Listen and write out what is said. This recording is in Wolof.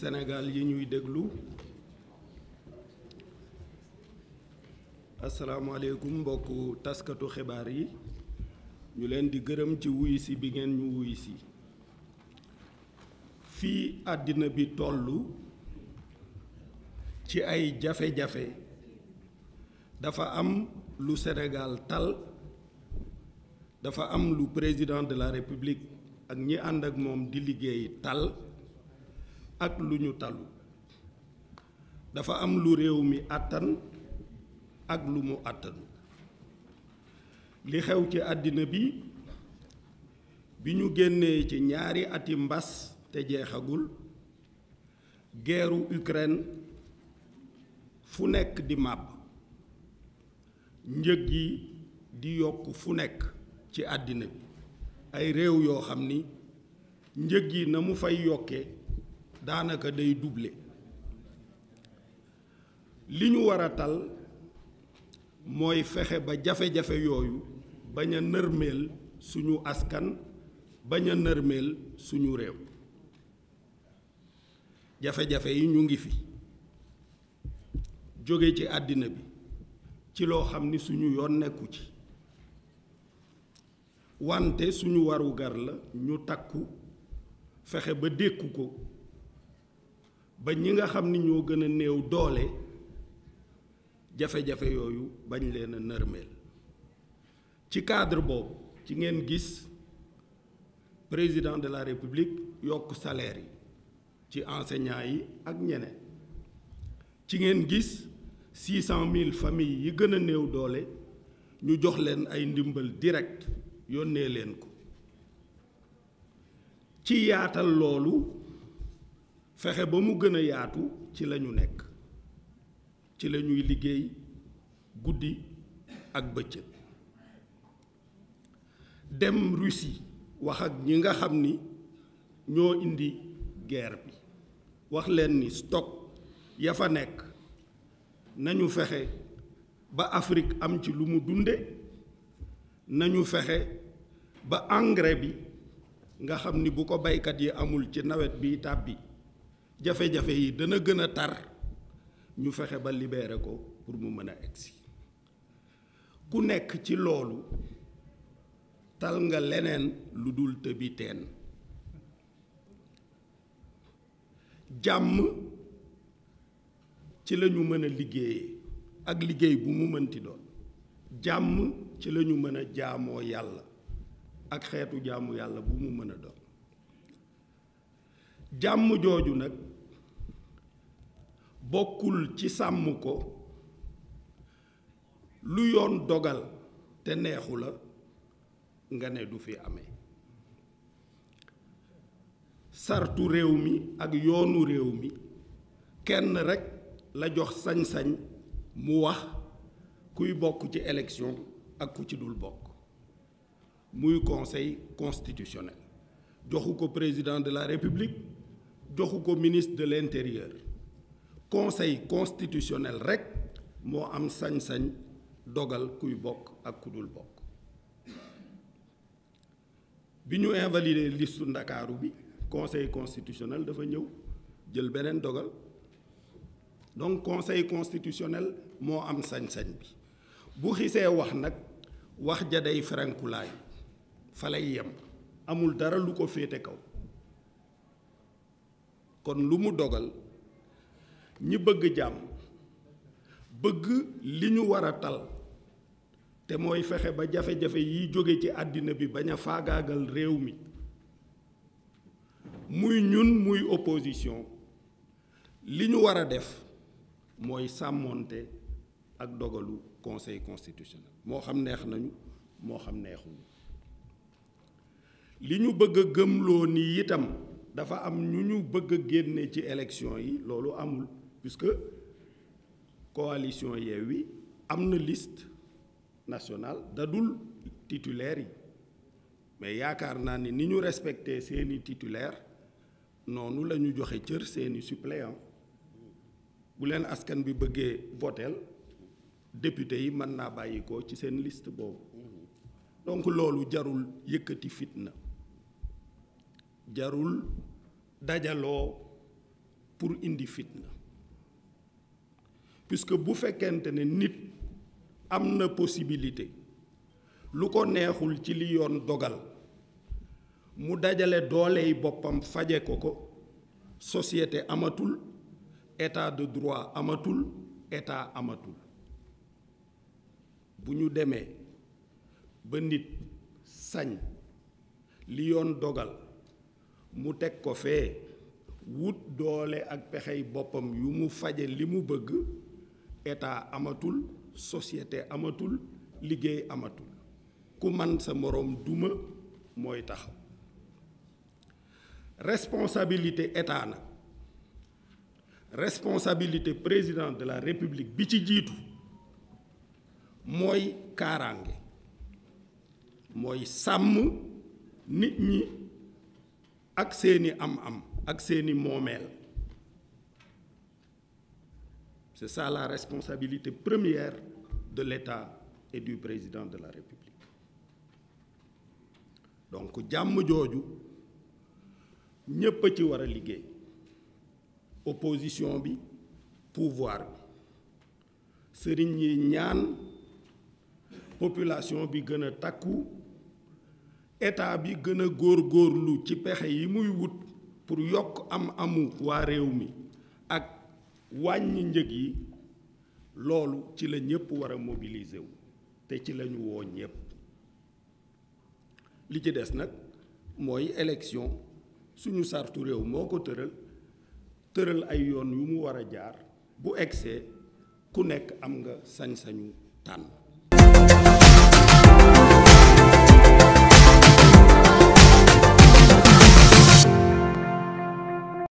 Sénégal yi ñuy déglu asalaamaaleykum mbokku taskatu xibaar yi ñu leen di gërëm ci wuyu si bi ngeen ñu wuyu si fii àddina bi tollu ci ay jafe-jafe dafa am lu Sénégal tal dafa am lu président de la République ak ñi ànd ak moom di liggéey tal ak lu ñu talu dafa am lu réew mi àttan ak lu mu àttanu li xew ci àddina bi bi ñu génnee ci ñaari ati mbas te jeexagul geeru Ukraine fu nekk di màbb njëg yi di yokk fu nekk ci àddina bi ay réew yoo xam ni njëg yi na mu fay yokke daanaka day doubler li ñu war a tal mooy fexe ba jafe-jafe yooyu bañ a nërmeel suñu askan bañ a nërmeel suñu réew jafe-jafe yi ñu ngi fi jóge ci àddina bi ci loo xam ni suñu yoon nekku ci wante suñu warugar la ñu takku fexe ba dékku ko ba ñi nga xam ni ñoo gën a néew doole jafe-jafe yooyu bañ leen a nërmeel ci cadre boobu ci ngeen gis président de la république yokk saleer yi ci enseignants yi ak ñeneen ci ngeen gis six cent mille familles yi gën a néew doole ñu jox leen ay ndimbal direct yónnee leen ko ci yaatal loolu fexe ba mu gën a yaatu ci lañu nekk ci la ñuy liggéey guddi ak bëccëg dem Russie wax ak ñi nga xam ni ñoo indi guerre bi wax leen ni stock ya fa nekk nañu fexe ba Afrique am ci lu mu dunde nañu fexe ba engrais bi nga xam ni bu ko baykat yi amul ci nawet bi tàbbi jafe-jafe yi dana gën a tar ñu fexe ba libéré ko pour mu mën a egsi ku nekk ci loolu tal nga leneen lu dul tëbi teen jàmm ci lañu ñu mën a liggéeyee ak liggéey bu mu mënti doon jàmm ci lañu ñu mën a jaamoo yàlla ak xeetu jaamu yàlla bu mu mën a doon jàmm jooju nag bokkul ci sàmm ko lu yoon dogal te neexu la nga ne du fi amee sartu réew mi ak yoonu réew mi kenn rekk la jox sañ-sañ mu wax kuy bokk ci élection ak ku ci dul bokk muy conseil constitutionnel joxu ko président de la république joxu ko ministre de l'intérieur conseil constitutionnel rek moo am sañ-sañ dogal kuy bokk ak ku dul bokk bi ñu invalider listu ndakaaru bi conseil constitutionnel dafa ñëw jël beneen dogal donc conseil constitutionnel moo am sañ-sañ bi bu xisee wax nag wax ja day ferankulaay fa lay yem amul dara lu ko féete kaw kon lu mu dogal ñi bëgg jàmm bëgg li ñu war a tal te mooy fexe ba jafe-jafe yi jóge ci àddina bi bañ a faagaagal réew mi muy ñun muy opposition li ñu war a def mooy sàmmoonte ak dogalu conseil constitutionnel moo xam neex nañu moo xam neexul li ñu bëgg a gëmloo ni itam dafa am ñu ñu bëgg génne ci élection yi loolu amul puisque coalition yi am na list nationale dadul titulaire yi mais yaakaar naa ni ni ñu respecté seeni titulaire noonu la ñu joxe cër seeni suppléant bu leen askan bi bëggee voteel député yi mën naa bàyyikoo ci seen liste boobu donc loolu jarul yëkkati fitna jarul dajaloo pour indi fitna puisque bu fekkente ne nit am na possibilité lu ko neexul ci li yoon dogal mu dajale dooley boppam faje ko ko société amatul état de droit amatul état amatul bu ñu demee ba nit sañ li yoon dogal mu teg ko fee wut doole ak pexey boppam yu mu faje li mu bëgg état amatul société amatul liggéey amatul ku man sa morom duma mooy taxaw responsabilité état na responsabilité président de la république bi ci jiitu mooy kaaraange mooy sàmm nit ñi ak seeni am-am ak seeni moomeel C'est ça la responsabilité première de l'État et du président de la République donc jàmm jooju ñépp a ci war a liggéey opposition bi pouvoir bi sëriñ yi ñaan population bi gën a takku état bi gën a góorlu ci pexe yi muy wut pour yokk am amu waa réew mi ak wàññi njëg yi loolu ci la ñëpp war a mobiliser wu te ci lañu ñu woo ñëpp li ci des nag mooy élection suñu sartu réew moo ko tëral tëral ay yoon yu mu war a jaar bu egsee ku nekk am nga sañ-sañu tànn